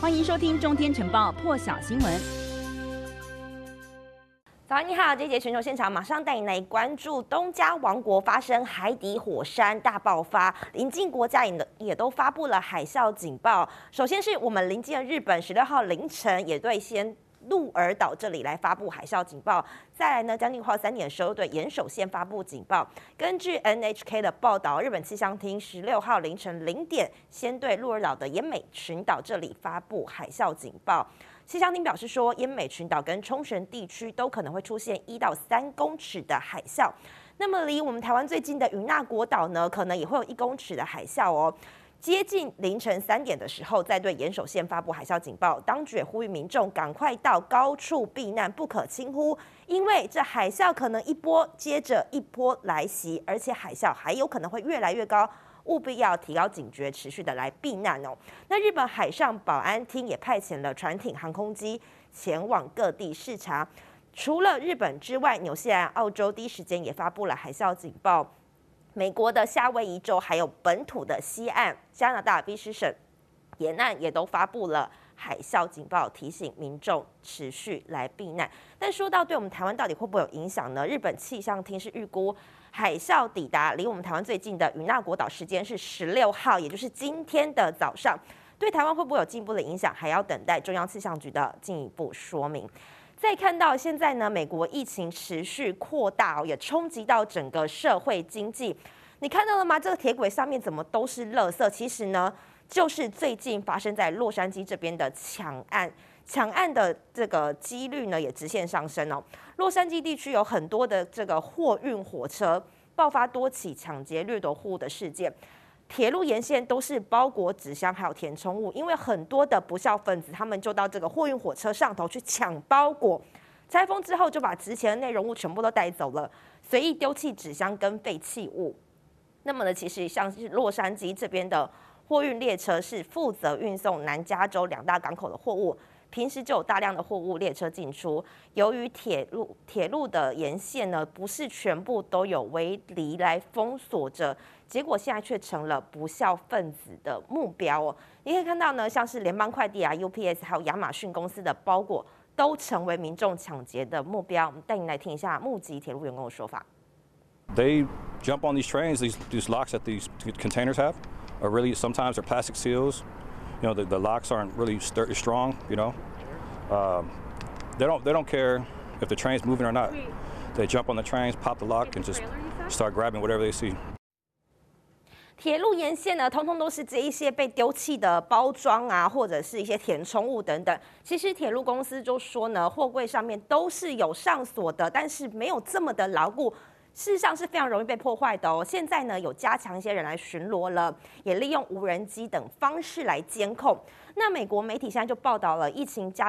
歡迎收聽《中天晨報》破曉新聞。早安，你好！這一節全球現場馬上帶你來關注東加王國發生海底火山大爆發，鄰近國家也也都發布了海嘯警報。首先是我們鄰近的日本，十六號凌晨也對先，鹿兒島這裡來發布海嘯警報，再來呢，將近快三點的時候，對岩手縣發布警報。根據 NHK 的報道，日本氣象廳十六號凌晨零點，先對鹿兒島的奄美群島這裡發布海嘯警報。氣象廳表示說，奄美群島跟沖繩地區都可能會出現一到三公尺的海嘯。那麼，離我們台灣最近的與那國島呢，可能也會有一公尺的海嘯哦。接近凌晨三點的時候，再對岩手縣發布海嘯警報。當局也呼籲民眾趕快到高處避難，不可輕忽，因為這海嘯可能一波接着一波來襲，而且海嘯還有可能會越來越高，務必要提高警覺，持續的來避難哦、喔。那日本海上保安廳也派遣了船艇、航空機前往各地視察。除了日本之外，紐西蘭、澳洲第一時間也發布了海嘯警報。美國的夏威夷州還有本土的西岸，加拿大卑詩省沿岸也都發布了海嘯警報，提醒民眾持續來避難。但說到對我們台灣到底會不會有影響呢？日本氣象廳是預估海嘯抵達離我們台灣最近的與那國島時間是十六號，也就是今天的早上。對台灣會不會有進一步的影響，還要等待中央氣象局的進一步說明。再看到現在呢，美國疫情持續擴大哦、喔，也衝擊到整個社會經濟。你看到了嗎？這個鐵軌上面怎麼都是垃圾？其實呢，就是最近發生在洛杉磯這邊的搶案，搶案的這個幾率呢也直線上升哦、喔。洛杉磯地區有很多的這個貨運火車爆發多起搶劫掠奪貨物的事件。鐵路沿線都是包裹紙箱還有填充物，因為很多的不肖分子，他們就到這個貨運火車上頭去搶包裹，拆封之後就把值錢的內容物全部都帶走了，隨意丟棄紙箱跟廢棄物。那麼呢，其實像是洛杉磯這邊的貨運列車是負責運送南加州兩大港口的貨物。平時就有大量的貨物列車進出，由於鐵路鐵路的沿線呢，不是全部都有圍籬來封鎖着，結果現在卻成了不孝分子的目標哦。你可以看到呢，像是聯邦快遞啊、UPS 還有亞馬遜公司的包裹，都成為民眾搶劫的目標。我們帶你來聽一下目擊鐵路員工的說法。They jump on these trains, t h e e s these locks that these containers have are really sometimes are plastic seals. 鐵路沿線呢，通通都是這一些被丟棄的包裝啊，或者是一些填充物等等。其實鐵路公司就說呢，貨櫃上面都是有上鎖的，但是沒有這麼的牢固。事實上是非常容易被破壞的哦。現在呢，有加強一些人來巡邏了，也利用無人機等方式來監控。那美國媒體現在就報道了疫情加。